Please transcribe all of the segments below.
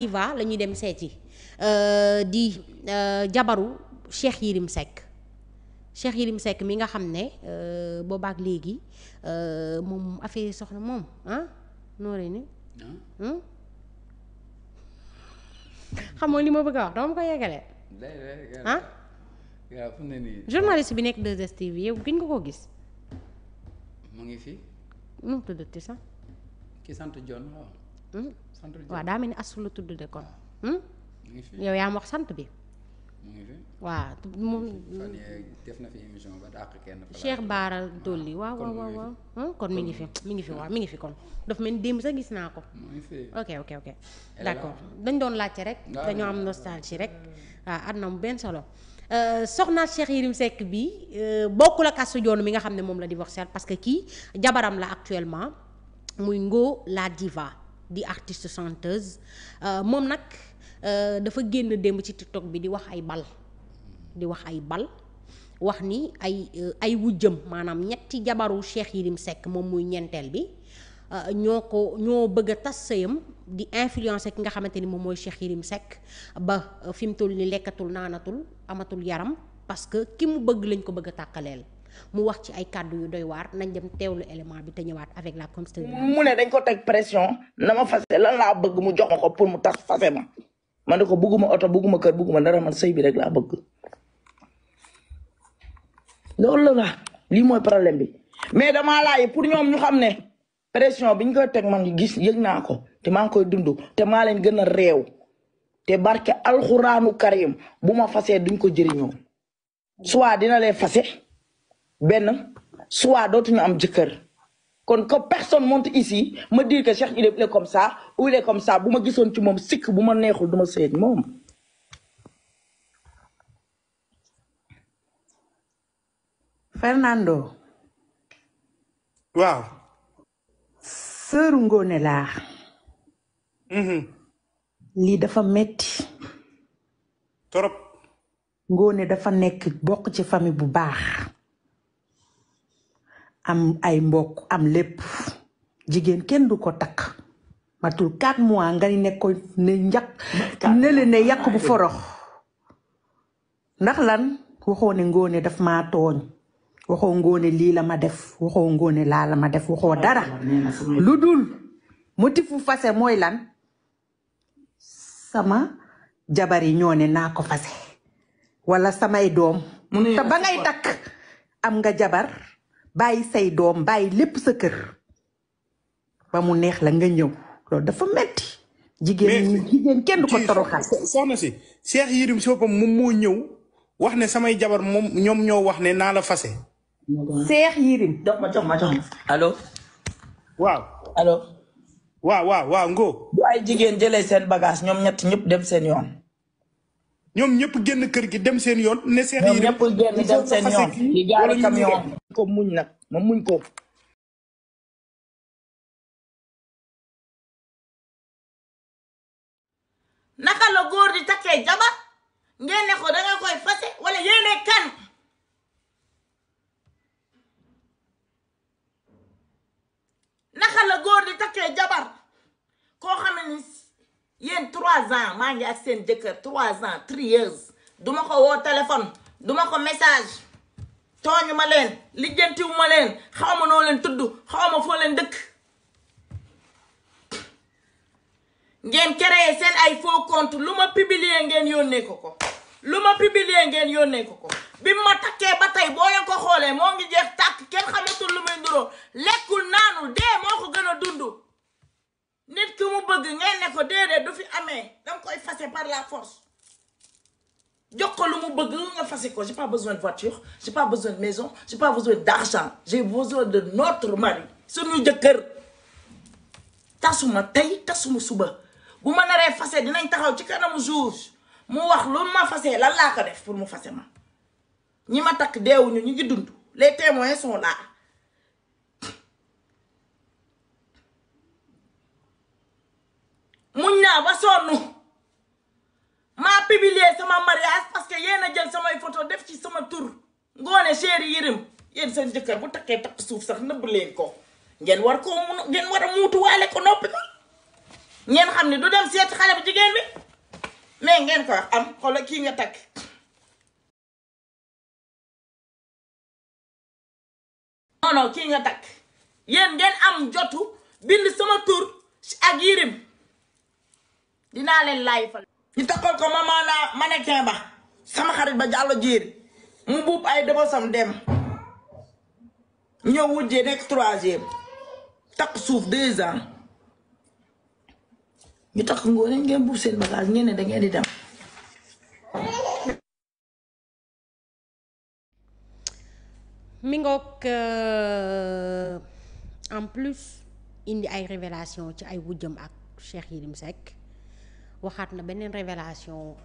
Iva la ñuy dem seeti euh, di euh, jabaru Cheikh Yérim Seck Cheikh Yérim sekk mi nga xam ne euh, boobaak léegi moom affaire soxna moom ah nooree ni ah. Hmm? xamoo li ma bëgg a wax dama ko yeggale ah bi nekk 2STV yow gën nga koo gis mu ngi fi mu tuddati sax sant John sant hmm? daa mel ni Astou la tudd de kon. Ah. Hmm? yow yaa ma wax sant bi. mu moom. fan def Baara Dolli waaw waaw waaw. Hmm? kon mi ngi fi mi ngi fi mi ngi fi kon. daf mel ni démb sa gis naa ko. ok ok ok. d' dañ doon laajte rek. dañoo am nostalgie rek. waaw ah, at na mu benn solo. Euh, soxna Cheikh Yérim Seck bi euh, bokkul ak Astou Dione mi nga xam ne moom la divorcé parce que kii jabaram la actuellement muy Ngo la diva. di artiste chanteuse euh, moom nag euh, dafa génn démb ci TikTok bi di wax ay bal di wax ay bal wax ni ay euh, ay wujjëm maanaam ñetti jabaru Cheikh Yérim sekk moom muy ñeenteel bi ñoo ko ñoo bëgg a tas sëyam di influencer ki nga xamante ni moom mooy Cheikh Yérim sekk ba fi mu toll ni lekkatul naanatul amatul yaram parce que ki mu bëgg lañ ko bëgg a tàkkaleel mu wax ci ay kàddu yu doy waar nañ dem teewlu élément bi te ñëwaat avec la comité. mu ne dañ ko teg pression na ma fase lan laa bëgg mu jox ma ko pour mu tas fase ma ma ne ko bëgguma oto bëgguma kër bëgguma dara man sëy bi rek laa bëgg lii mooy problème bi mais damaa laaj pour ñoom ñu xam ne pression bi ñu koy teg man gis yëg naa ko te maa ngi koy dund te maa leen gën a réew te barke alxuraanu karim bu ma fasee duñ ko jëriñoo soit dina leen fase benn soit dootuñu am jëkkër kon que personne monte ici me dire que Cheikh il est comme ça ou il est comme ça bu ma gisoon ci moom sikk bu ma neexul duma ma sëy moom. Fernando. waaw. sëru ngoone laa. Mm-hmm. lii dafa metti trop. Ngone dafa nekk bokk ci famille bu baax. am ay mbokk am lépp jigéen kenn du ko takk matul 4 mois nga ne ko ne njàkk ne ne yàq bu forox ndax lan waxoo ne ngóone daf ma tooñ waxoo ngóone lii la ma def waxoo ngóone laa la ma def waxoo dara lu dul motifu fase mooy lan sama jabar yi ñoo ne naa ko wala samay doom te ba ngay takk am nga jabar bàyyi say doom bàyyi lépp sa kër ba mu neex la nga ñëw dafa metti jigéen jigéen kenn du ko toroxal soxna si Cheikh Yérim si boppam moom moo ñëw wax ne samay jabar moom ñoom ñoo wax ne naa la fase Cheikh Yérim jox ma jox ma jox ma allo waaw allo waaw waaw ngoo bu ay jigéen jëlee seen bagage ñoom ñett ñëpp dem seen yoon ñoom ñëpp génn kër gi dem seen yoon. ne seen yi ñëpp génn ko muñ nag ma muñ ko. naka la góor di takkee jabar ngeen ne ko da koy fase wala yéene kan. naka la góor di takkee jabar koo xam ne yéen trois ans maa ngi ak seen jëkkër trois ans trieuse duma ko woo téléphone duma ko message tooñu ma leen lijjantiwu ma leen xaw ma noo leen tudd xaw ma foo leen dëkk ngeen créé seen ay faux compte lu ma publier ngeen yónnee ko ko lu ma publier ngeen yónnee ko ko bi ma takkee ba quoi j'ai pas besoin de voiture j'ai pas besoin de maison j'ai pas besoin d'argent j'ai besoin de notre mari suñu jëkkër tasuma tey tasuma suba bu ma naree fase dinañ taxaw ci kanamu juge mu wax loolu ma fase lan laa ko def pour mu fase ma ñi ma takk deewuñu ñu ngi dund les témoins sont là muñ naa ba sonn maa a jël samay photo def ci sama tur ngoone chéri yërëm yéen seen jëkkër bu takkee takk suuf sax nëbb leen ko ngeen war koo mun ngeen war a muutuwaale ko noppi ko ngeen xam ne du dem seet xale bu kii nga takk non non nga takk yéen ngeen am jotu bind sama tur ak yirim dinaa leen laay fal ñu takkal ko mamaana mannequin ba sama xarit ba jàll jiir mu buub ay debosam dem ñëw wujjee nekk troisième takk suuf deux ans ñu takk ngóor ngeen buub seen bagage ngeen ne da di dem. mi ngoog euh, en plus indi ay révélation ci ay wujjam ak Cheikh Yérim Seck waxaat na beneen révélation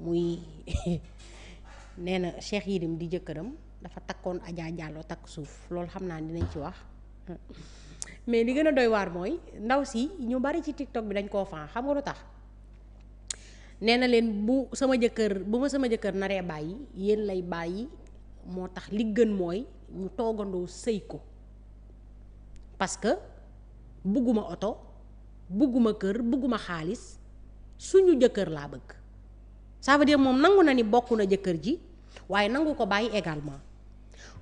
muy nee na Cheikh Yérim di jëkkëram dafa takkoon Adja Diallo takk suuf loolu xam naa dinañ ci wax mais li gën a doy waar mooy ndaw si ñu bari ci TikTok bi dañ koo fan xam nga lu tax nee na leen bu sama jëkkër bu ma sama jëkkër naree bàyyi yéen lay bàyyi moo tax li gën mooy ñu toggandoo sëy ko parce que bugguma oto bugguma kër bugguma xaalis suñu jëkkër laa bëgg ça veut moom nangu na ni bokk na jëkkër ji waaye nangu ko bàyyi également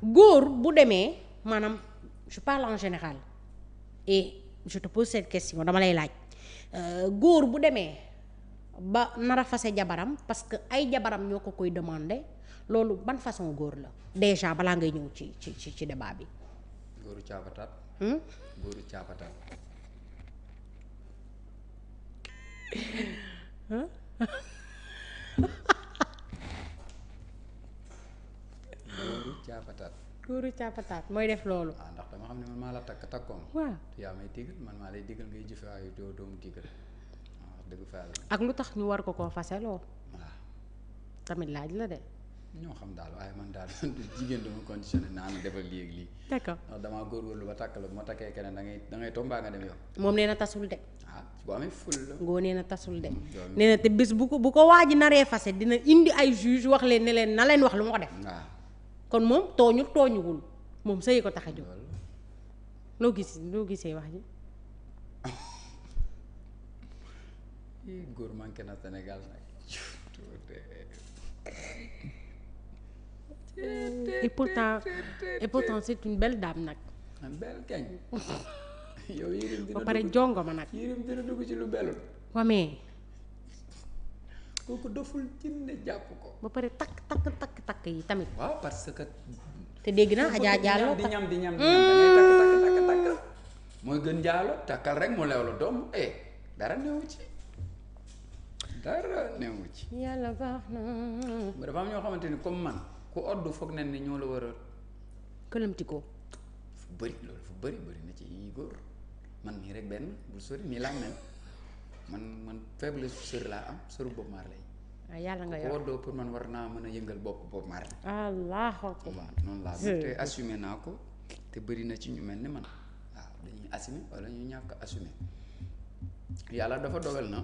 góor bu demee maanaam je parle en général et je te pose cette question dama lay laaj euh, góor bu demee ba nara fase jabaram parce que ay jabaram ñoo ko koy demandé loolu ban façon góor la déjà balaa ngay ñëw ci ci ci ci débat bi. góoru caabataat. Hmm? góoru caapataat. mooy def loolu. ah ndax dama xam ne man maa la takk takkoon. waaw yaa may digal man maa lay digal ngay jëfe waaye doo doomu digal ah, wax dëgg fa ak lu tax ñu war ko koo faseloo. waaw ah. tamit laaj la de. ñoo xam daal waaye man daal jigéen dama conditionné naa ma defal lii ak lii. d'accord ndax damaa góorgóorlu ba tàkk la bu ma takkee keneen da ngay da toog mbaa nga dem yow. moom nee tasul de. ah boo amee ful ngoo nee na tasul de. Mm, nee te bés bu ko bu ko waaj naree fase dina indi ay juge wax leen ne leen na leen wax lu ma ko def. waaw ah. kon moom tooñu tooñuwul moom sëy ko tax a jóg. loo gis loo gisee wax ji. góor manqué na Sénégal nag. et pourtant et pourtant c'est une belle dame nag. Ah, belle kañ. yow yërim dina ba pare jongo ma nag. yërim dina dugg ci lu bellul. wamee. kooku doful jinne jàpp ko. ba pare takk takk takk takk yi tamit. waaw parce que. te dégg naa Adja Diallo di ñam di ñam di ñam da ngay takk takk takk mooy gën Diallo takkal rek mu leew la doom eh dara newu ci. dara newu ci. yàlla baax na. dafa am ñoo xamante ni comme man. ku oddu foog nañ ñoo la war a. këlëmtikoo. fu bëri loolu fu bëri bëri na ci yi góor man mii rek benn bul sori nii laa man man faible sër laa am sëru Bob Marley. ah yàlla nga yor pour man war naa mën a yëngal bopp Bob Marley. laa mel te assumé naa ko te bëri na ci ñu mel ni man waaw dañuy assumé wala ñu ñàkk assumé yàlla dafa dogal na.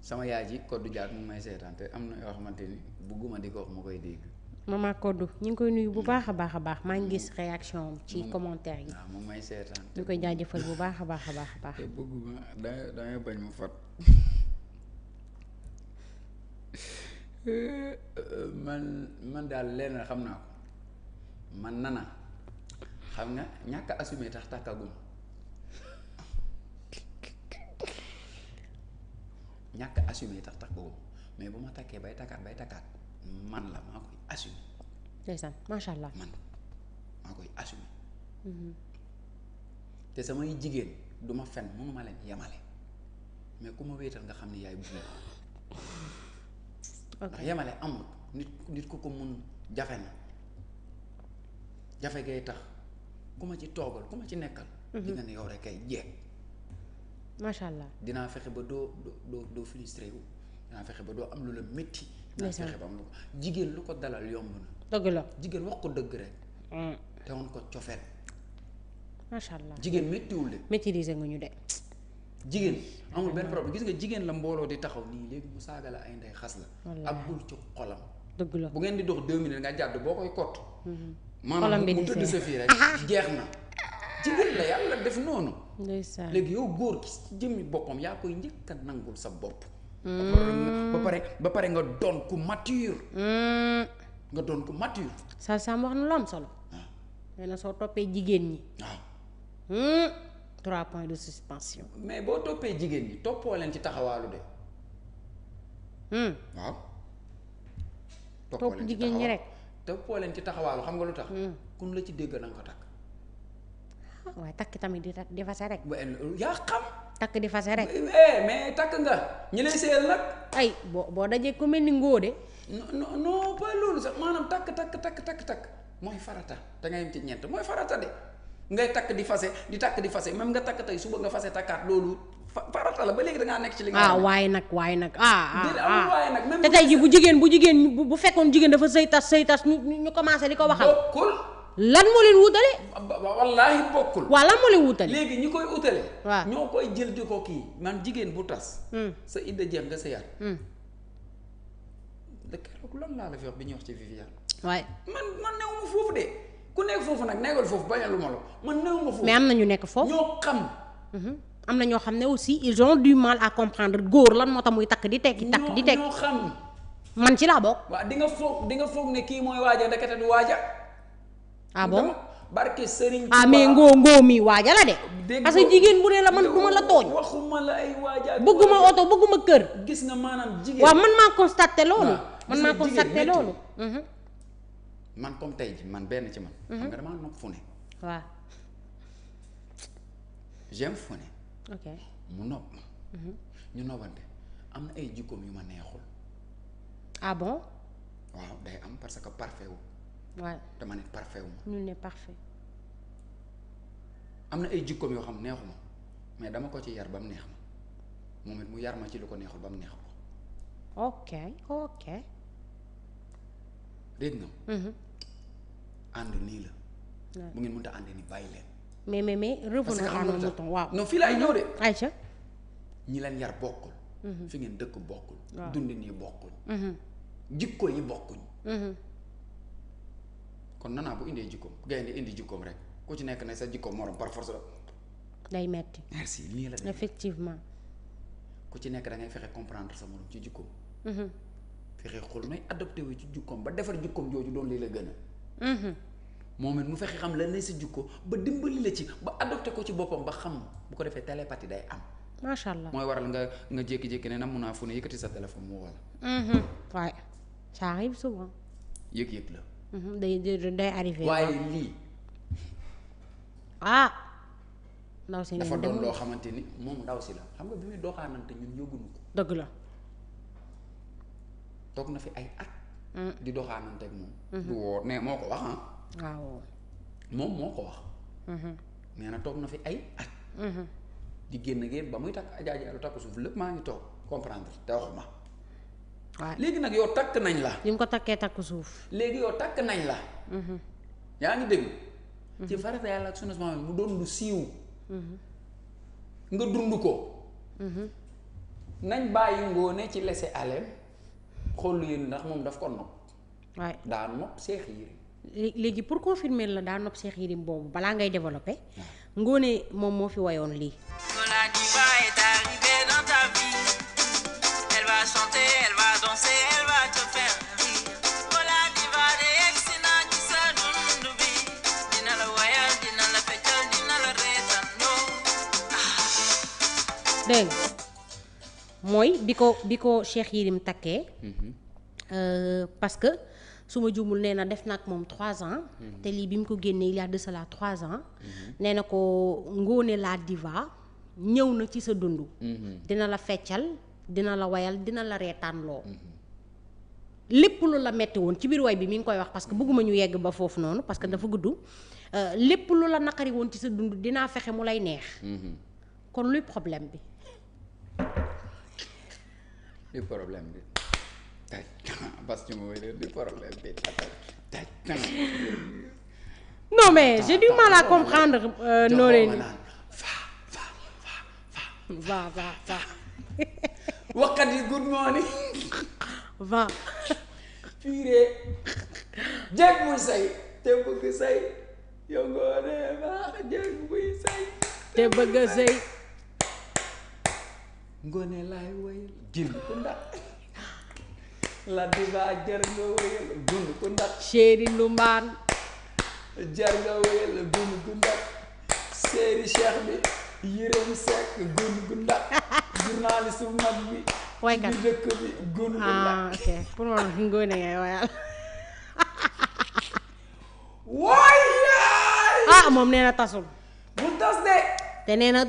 sama yaay ji koddu jaar mu may seetaan te am na yoo xamante ni bugguma di ko wax ma koy dégg. ma maman koddu ñu ngi koy nuyu bu mm. baax a baax a baax maa ngi gis mm. réaction ci mm. commentaire yi. waaw mu may seetaan. ñu koy jaajëfal bu baax a baax a baax a baax. te bugguma mu fat man man daal lenn xam naa ko man nana xam nga ñàkk a assumé tax tàkkaguma ñàkk assumer tax tax takk boobu mais bu ma takkee bay takkaat bay takkaat man la maa koy assumer ndeysaan macha allah man maa mhm. te samay jigéen du ma fen mënu ma leen yemale mais ku ma wéetal nga xam ni yaay bu ndax yemale amul nit nit ku ko mun jafe na jafe gay tax ku ma ci toogal ku ma ci nekkal mhm. di ne yow rek kay jeeg macha allah dinaa fexe ba doo doo doo frustré wu dinaa fexe ba doo am lu la métti. dinaa fexe ba jigéen lu ko dalal yomb na. la jigéen wax ko dëgg rek. Mm. te woon ko jigéen méttiwul de. maîtriser nga ñu de. jigéen amul benn problème gis nga jigéen la mbooloo di taxaw nii léegi saaga la ay xas la. ak bul ci dëgg bu ngeen di dox deux minutes nga jàdd boo koy kott. Mm-hmm. maanaam mu tëdd sa fii rek jeex na. jigéen la yàlla def noonu. ndeysaan léegi yow góor ki ci jëmmi boppam yaa koy njëkk a nangul sa bopp. Hmm. ba pare ba pare nga doon ku mature. Hmm. nga doon ku mature. sa sam wax na lu am solo. nee ah. na soo toppee jigéen ñi. waaw. Ah. Hmm. trois points de suspension. mais boo toppee jigéen ñi toppoo leen ci taxawaalu de. waaw. topp jigéen ñi rek. toppoo leen ci taxawaalu xam nga lu tax. kun la ci dégg na ko takk. waaye takk tamit di di fase rek. yaa xam. takk di fase rek. mais takk nga ñu lay seeyal nag. ay boo boo dajee ku mel ni ngóode. non non pas loolu sax maanaam takk takk takk takk takk mooy farata da ngay yem ci mooy farata de ngay takk ah, di fase di takk di fase même nga takk tey suba nga fase takkaat loolu farata la ba léegi da ngaa nekk ci li nga. waaye nag waaye nag ah ah waaye te tey jii bu jigéen bu jigéen bu fekkoon jigéen dafa sëy tas sëy tas ñu ñu commencé di ko waxal. bokkul. lan moo leen wutale. wallaahi bokkul. waaw lan moo leen wutale. léegi ñi koy utale. waaw ñoo koy jël di ko kii man jigéen bu tas. Hmm. sa idda jeex nga sa yar. Hmm. keroog la fi wax bi ñuy waaye man man newuma foofu de ku nekk foofu nag nekkal foofu bañalu ma la man newuma foofu. mais am na ñu nekk foofu ñoo xam. Hmm. am na ñoo xam ne aussi ils ont du mal à comprendre góor lan moo tax muy takk di tekki takk di tekki ñoo xam. man ci laa bokk. waa di nga foog di nga foog ne kii mooy waaja ndekete du waaja. ah bon barke Serigne. Ah, mais ngoo ngoo mi waaja la de. parce que jigéen bu ne la man duma la tooñ. waxuma oto bëgguma kër. gis nga maanaam jigéen waaw man maa constaté loolu. man maa constaté loolu. Mhm. man comme tey ji man benn ci man. Mhm. xam mu nopp mhm. ñu noppante am na ay jikkoom yu ma neexul. ah bon. waaw day am parce que parfait waaw dama ne parfait wu ma. ne parfait. am na ay jikkoom yoo xam neexu mais dama ko ci yar ba mu neex ma moom it mu yar ma ci lu ko neexul ba mu neex ko. ok ok. dégg nga. Mhm. ànd nii la. bu ngeen mënta àndee ni bàyyi leen. mais mais mais revenons fii laay ñëw de. ayca. ñi leen yar bokkul. Mhm. fi ngeen dëkk bokkul. waaw dundin yi mhm. jikko yi bokkuñ. kon nanaa bu indee jikkoom gaynde indi jikkoom rek ku ci nekk ne sa jikkoom morom par force la. day metti merci nii la effectivement. ku ci nekk da ngay fexe comprendre sa morom ci jikkoom. Mm-hmm. fexe xul nay adopté wu ci jikkoom ba defar jikkoom jooju doon lii la gën a. Mm-hmm. moom it mu fexe xam lan ne sa jikko ba dimbali la ci ba adopté ko ci boppam ba xam bu ko defee télépathie day am. macha allah mooy waral nga nga jékki-jékki ne namm naa fu ne yëkkati sa téléphone mu a waaye mm-hmm. ça arrive souvent. yëg la. day day arrivé. waaye lii. ah. ndaw si dafa doon loo xamante ni moom ndaw si la xam nga bi muy doxaanante ñun yëguñu ko. dëgg la. toog na fi ay at. Mm. di doxaanante ak moom. Mm-hmm. du moo ko wax ah. ah moom moo ko wax. Mm-hmm. nee na toog na fi ay at. Mm-hmm. di génn génn ba muy takk ajaajalu takku suuf lépp maa ngi toog comprendre te waxuma. léegi nag yow takk nañ la. ni mu ko takkee takk suuf. léegi yow takk nañ la. Mm-hmm. yaa ngi dégg. Mm-hmm. ci farata yàlla ak sunu maam mu doon lu siiw. Mm-hmm. nga dund ko. nañ bàyyi ngoone ci laisser aller xool yéen ndax moom daf ko nopp. waay daa nopp Seex Yérim. léegi pour confirmer la daa nopp Seex Yérim boobu balaa ngay développer. ngoone moom moo fi wayoon lii. dégg mooy bi ko bi ko Cheikh Yérim takkee. Mhm. Euh, parce que su ma juumul nee na def na moom trois ans. Mhm. te lii bi mu ko génnee il y de cela trois ans. Mhm. nee na ko Ngoné la diva ñëw na ci sa dund. dina la feccal dina la woyal dina la reetaan loo. lépp lu la metti woon ci biir way bi mi ngi koy wax parce que bëgguma ñu yegg ba foofu noonu parce que dafa gudd. Euh, lépp lu la naqari woon ci sa dund dinaa fexe mu lay neex. kon luy problème bi. du problème bi taj parce que mooy du problème bi taj taj non mais j'ai du mal à comprendre euh, Noreyni va va va waxkat yi va purée jéeg muy say te bëgg say yow ngoonee baax jéeg muy say te bëgg say ngone laay woyal jënd ko ndax la diva jar nga woyal dund ko ndax chéri Ndumbaan jar nga woyal dund ko ndax séeri Cheikh bi Yérim Seck dund ko ndax journaliste bu mag bi waykat bi ah, pour ah, moom ngone tasul bu tas de te nee na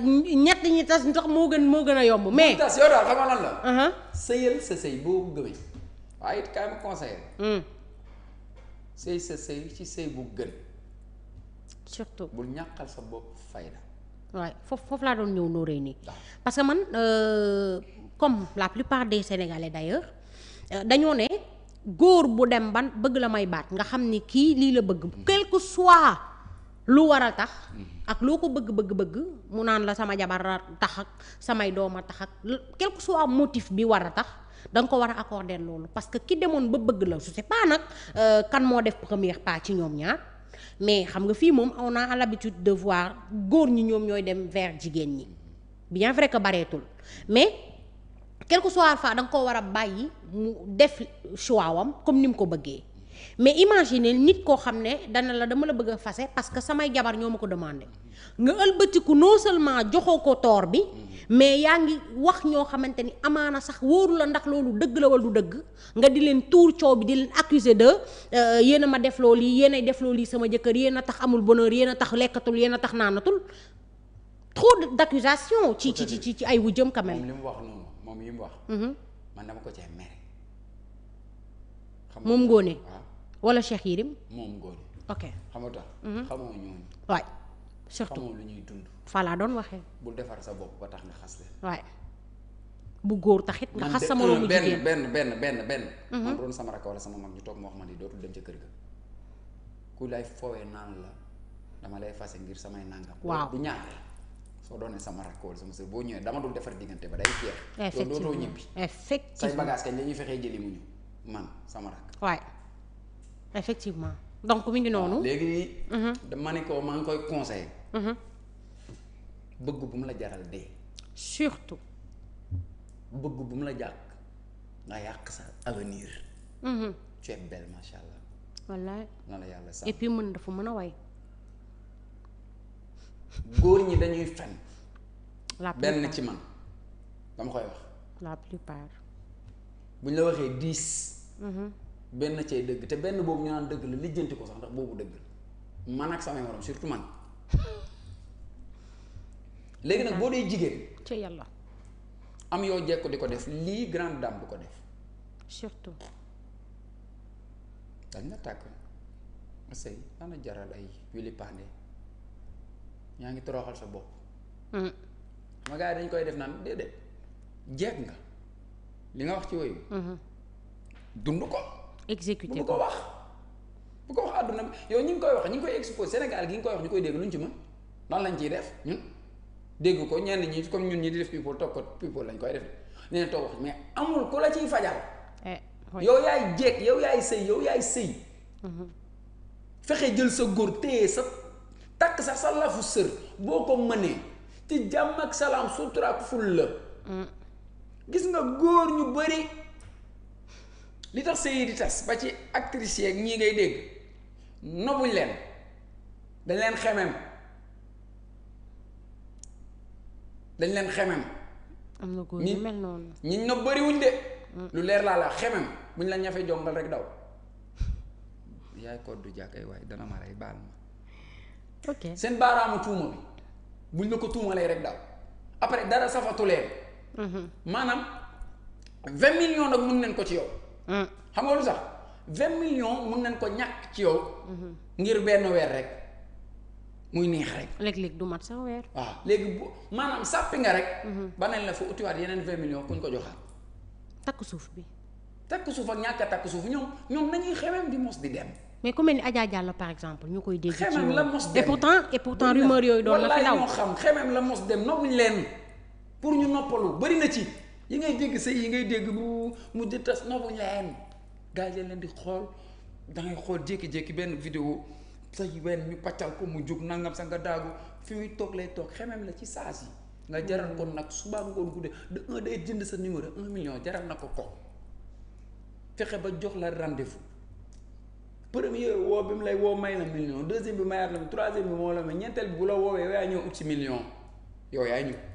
ñett ñi tas ndox moo gën moo gën a yomb mais tas yow daal xam nga lan la sëyal sa sëy boo hmm. bu gën surtout bul ñàqal sa bopp fayda waaye foofu foofu laa doon ñëw nóoree nii parce que man euh, comme la plupart des sénégalais d'ailleurs euh, dañoo ne góor bu dem ban bëgg la may baat nga xam ni kii lii la bëgg hmm. quel soit lu war a tax ak loo ko bëgg-bëgg-bëgg mu naan la sama jabar tax ak samay doom a tax ak quel que soit motif bi war a tax danga ko war a accorder loolu parce que ki demoon ba bëgg la je sais pas nag euh, kan moo def première pas ci ñoom ñaar mais xam nga fii moom on a l'habitude de voir góor ñi ñoom ñooy dem ver jigéen ñi bien vrai que bareetul mais quel que soit fa da nga ko war a bàyyi mu def choix wam comme ni mu ko bëggee mais imaginer nit koo xam ne dana la dama la bëgg a fase parce que samay jabar ñoo ma ko demandé nga ëlbatiku non seulement joxoo ko toor bi mais yaa ngi wax ñoo xamante ni amaana sax wóoru la ndax loolu dëgg la wala du dëgg nga di leen tuur coow bi di leen accuser de euh, yéen a ma def loolu yi yéen ay def loolu yi sama jëkkër yéen a tax amul bonheur yéen a tax lekkatul yéen a tax naanatul trop d'accusation ci ci ci ay wujjam quand même. moom li mu wax mhm. ko cee mere. wala Cheikh Yérim moom Ngoné ok xam nga tax mhm. xamoo ñooñu waay surtout xamoo lu ñuy dund fa doon waxee bul defar sa bopp ba tax nga xas la waay bu góor taxit nga xas sama roomu jigéen benn benn benn benn mhm. man doon sama rakk sama mag ñu toog ma ma ni dootul dem ca kër foowee naan la dama lay fase ngir samay nangam waaw du ñaar soo doonee sama rakk wala sama boo ñëwee dama defar diggante ba day jeex loolu dootoo ñibbi la ñuy fexee jëli mu sama rakk waay effectivement donc mi ngi noonu. léegi nii. Mhm. ne ko maa ngi koy conseillé. Mhm. bëgg bu mu la jaral dee. surtout. bëgg bu mu la jàkk nga yàq sa avenir. Mhm. tu belle macha allah. wallaay na la yàlla sax et puis mën dafa mën a way. góor ñi dañuy fen. la benn ci man dama koy wax. la plupart. bu ñu la waxee dix. benn cay dëgg te benn boobu ñu naan dëgg la lijjanti ko sax ndax boobu dëgg la man ak samay morom surtout man léegi nag boo dee jigéen. ci yàlla. am yoo jekk di ko def lii grande dame du ko def. surtout. dañ la tàkk sëy dana jaral ay wili paande ñaa ngi toroxal sa bopp. ma hmm. gars dañ koy def naan déedéet jeeg nga li nga wax ci woyu hmm. dund ko. exécuté bu ko wax bu ko wax àdduna yow ñi ngi koy wax ñi ngi koy exposé Sénégal gi ngi koy wax ñu koy dégg luñ ci mën lan lañ ciy def ñun dégg ko ñenn ñi comme ñun ñi di def people toog ko people lañ koy def nee toog wax mais amul ko la ciy fajal eh, yow yaay jeeg yow yaay sëy yow yaay sëy mhm. fexe jël sa góor téye sa takk sax sa lafu sër boo ko mënee ci jàmm ak salaam sutura ak ful la mm. gis nga góor ñu bari li tax sëy di tas ba ci actrices yeeg ñii ngay dégg nobuñ leen dañ leen xemem dañ leen xemem. am na ko yu mel noonu ñi ñi nob bëriwuñ de. Mm. lu leer laa la xemem buñ la ñafe jombal rek daw. yaay code du jàkk waaye dana ma rey baal ma. ok seen baaraamu tuuma bi buñ la ko tuumalee rek daw après dara safatu leen. Mm-hmm. maanaam vingt millions nag mun nañ ko ci yow. Hmm. xam nga lu sax vingt millions mun nañ ko ñàkk ci yow. ngir benn weer rek muy neex rek. léeg-léeg du mat sax weer. waaw léegi bu maanaam sàppi nga rek. Hmm. ba nañ la fa utiwaat yeneen vingt millions kuñ ko joxaat. takk suuf bi. takk suuf ak ñàkk a takk suuf ñoom ñoom nañuy xewem di mos di dem. mais ku mel ni Adja Diallo par exemple ñu koy dégg. xemem la mos dem et pourtant et pourtant rumeur yooyu doon la fi daw. walaay ñoo xam xemem la mos dem noppuñ leen pour ñu noppalu bari na ci. yi ngay dégg sëy yi ngay dégg mu mu di tas noonu leen gars yi leen di xool da ngay xool jékki-jékki benn vidéo say wenn ñu paccal ko mu jug nangam sax nga daagu fi muy toog lay toog xemem la ci saas yi nga jaral ko nag subaa ngoon guddee de un jënd sa numéro un million jaral na ko ko fexe ba jox la rendez-vous premier woo bi mu lay woo may la million deuxième bi mayaat la troisième bi moo la may ñeenteel bi bu la woowee yaa ñëw ut si million yow yaay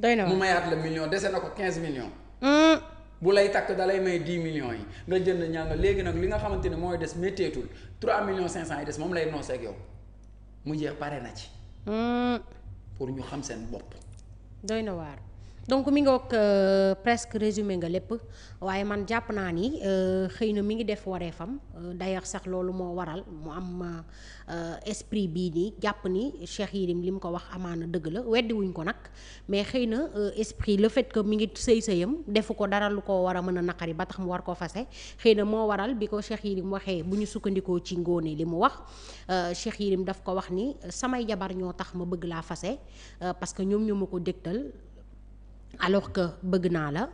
doy na mu mayaat la million dese na ko quinze millions. Hmm. bu lay takk da lay may dix millions yi nga jënd ñàng léegi nag li nga xamante ne mooy des métteetul trois millions cinq cent yi des moom lay noose ak yow mu jeex pare na ci. Hmm. pour ñu xam seen bopp. doy na waar. donc mi ngi wook euh, presque résumé nga lépp waaye man jàpp naa ni euh, xëy na mi ngi def wareefam euh, dayax sax loolu moo waral mu am esprit bii nii jàpp ni Cheikh Yérim li mu ko wax amaana dëgg la weddi ko nag mais xëy na esprit le fait que mi ngi sëy sëyam defu ko dara lu ko war a mën a naqari ba tax mu war ko fase xëy na moo waral bi ko Cheikh Yérim waxee bu ñu sukkandikoo ci ngóone li mu wax Cheikh Yérim daf ko wax ni samay jabar ñoo tax ma bëgg laa fase parce que ñoom ñoo ma ko dégtal alors que bëgg naa la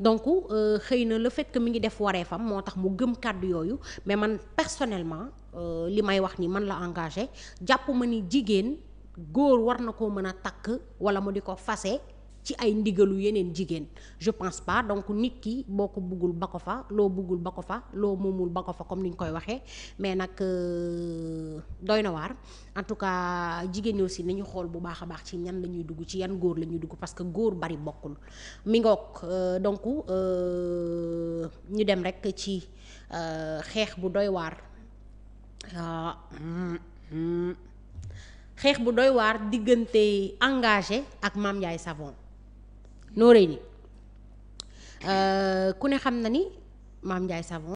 donc euh, xëy na le fait mu ngi def waree wareefam moo tax mu gëm kàddu yooyu mais man personnellement euh, li may wax ni man la engagé jàpp ni jigéen góor war na koo mën a takk wala mu di ko fase ci ay ndigalu yeneen jigéen je pense pas donc nit ki boo ko buggul ba ko fa loo buggul ba ko fa loo moomul ba ko fa comme ni ñu koy waxee mais nag euh, doy na waar en tout cas jigéen ñi aussi nañu xool bu baax a baax ci ñan la ñuy dugg ci yan góor la ñuy dugg parce que góor bari bokkul mi ngoog euh, donc euh, ñu dem rek ci xeex bu doy waar xeex bu doy waar diggante engagé ak maam Ndiaye Savon Noreyni euh, ku ne xam na ni Mame Ndiaye Savon